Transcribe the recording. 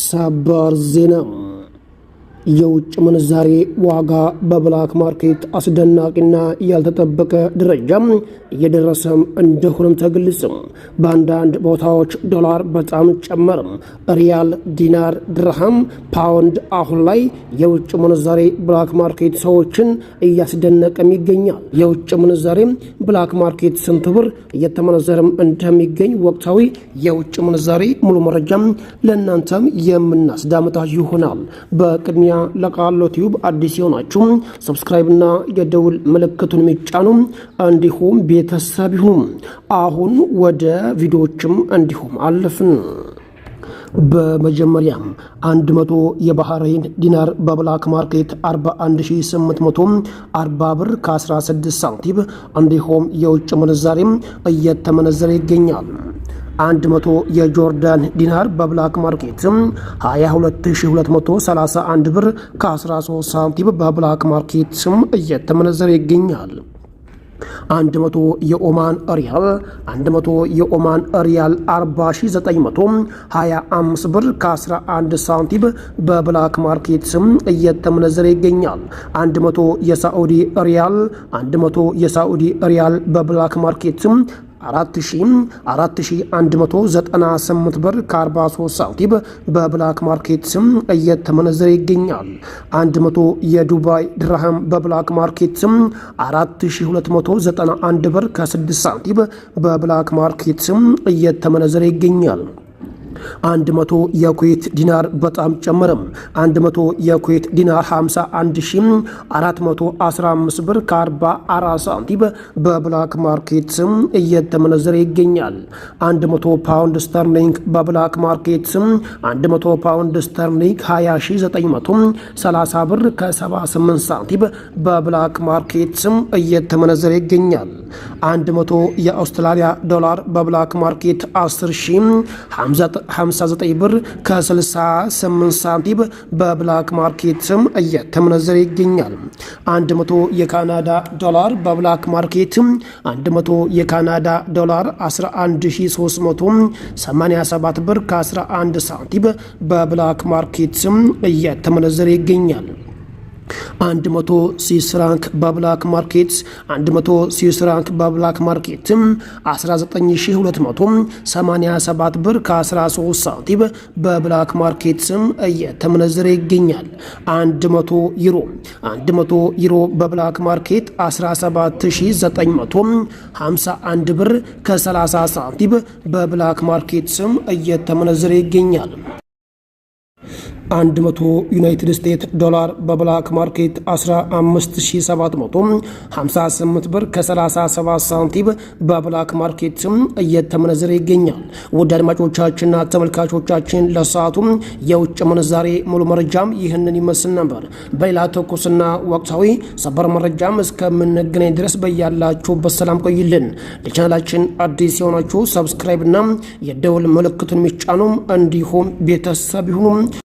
sabor, Zena. የውጭ ምንዛሬ ዋጋ በብላክ ማርኬት አስደናቂና ያልተጠበቀ ደረጃ እየደረሰም እንደሆነም ተግልጽም። በአንዳንድ ቦታዎች ዶላር በጣም ጨመርም። ሪያል፣ ዲናር፣ ድርሃም፣ ፓውንድ አሁን ላይ የውጭ ምንዛሬ ብላክ ማርኬት ሰዎችን እያስደነቀም ይገኛል። የውጭ ምንዛሬም ብላክ ማርኬት ስንት ብር እየተመነዘረም እንደሚገኝ ወቅታዊ የውጭ ምንዛሬ ሙሉ መረጃም ለእናንተም የምናስዳምጣ ይሆናል። በቅድሚያ ለቃሎ ቲዩብ አዲስ የሆናችሁ ሰብስክራይብና የደውል ምልክቱን የሚጫኑ እንዲሁም ቤተሰብ ይሁኑ። አሁን ወደ ቪዲዮዎችም እንዲሁም አለፍን። በመጀመሪያም 100 የባህሬን ዲናር በብላክ ማርኬት 41840 ብር ከ16 ሳንቲም እንዲሁም የውጭ ምንዛሬም እየተመነዘረ ይገኛል። 100 የጆርዳን ዲናር በብላክ ማርኬት 22231 ብር ከ13 ሳንቲም በብላክ ማርኬት ስም እየተመነዘረ ይገኛል። 100 የኦማን ሪያል 100 የኦማን ሪያል 40925 ብር ከ11 ሳንቲም በብላክ ማርኬት ስም እየተመነዘረ ይገኛል። 100 የሳዑዲ ሪያል 100 የሳዑዲ ሪያል በብላክ ማርኬት ስም 4198 ብር ከ43 ሳንቲም በብላክ ማርኬት ስም እየተመነዘረ ይገኛል። 100 የዱባይ ድራህም በብላክ ማርኬት ስም 4291 ብር ከ6 ሳንቲም በብላክ ማርኬት ስም እየተመነዘረ ይገኛል። አንድ መቶ የኩዌት ዲናር በጣም ጨመረም። መቶ የኩዌት ዲናር 51415 ብር ከ44 ሳንቲም በብላክ ማርኬት ስም እየተመነዘረ ይገኛል። 100 ፓውንድ ስተርሊንግ በብላክ ማርኬት ስም 100 ፓውንድ ስተርሊንግ 20930 ብር ከ78 ሳንቲም በብላክ ማርኬት ስም እየተመነዘረ ይገኛል። 100 የአውስትራሊያ ዶላር በብላክ ማርኬት 10 59 ብር ከ68 ሳንቲም በብላክ ማርኬት ስም እየተመነዘረ ይገኛል። 100 የካናዳ ዶላር በብላክ ማርኬት 100 የካናዳ ዶላር 11387 ብር ከ11 ሳንቲም በብላክ ማርኬት ስም እየተመነዘረ ይገኛል። 100 ስዊስ ፍራንክ በብላክ ማርኬት 100 ስዊስ ፍራንክ በብላክ ማርኬትም 19287 ብር ከ13 ሳንቲም በብላክ ማርኬት ስም እየተመነዘረ ይገኛል። 100 ዩሮ 100 ዩሮ በብላክ ማርኬት 17951 ብር ከ30 ሳንቲም በብላክ ማርኬት ስም እየተመነዘረ ይገኛል። 100 ዩናይትድ ስቴትስ ዶላር በብላክ ማርኬት 15758 ብር ከ37 ሳንቲም በብላክ ማርኬትም እየተመነዘረ ይገኛል። ውድ አድማጮቻችንና ተመልካቾቻችን ለሰዓቱ የውጭ ምንዛሬ ሙሉ መረጃም ይህንን ይመስል ነበር። በሌላ ትኩስና ወቅታዊ ሰበር መረጃም እስከምንገናኝ ድረስ በያላችሁ ሰላም ቆይልን። ለቻናላችን አዲስ የሆናችሁ ሰብስክራይብና የደውል ምልክቱን የሚጫኑም እንዲሁም ቤተሰብ ይሁኑም።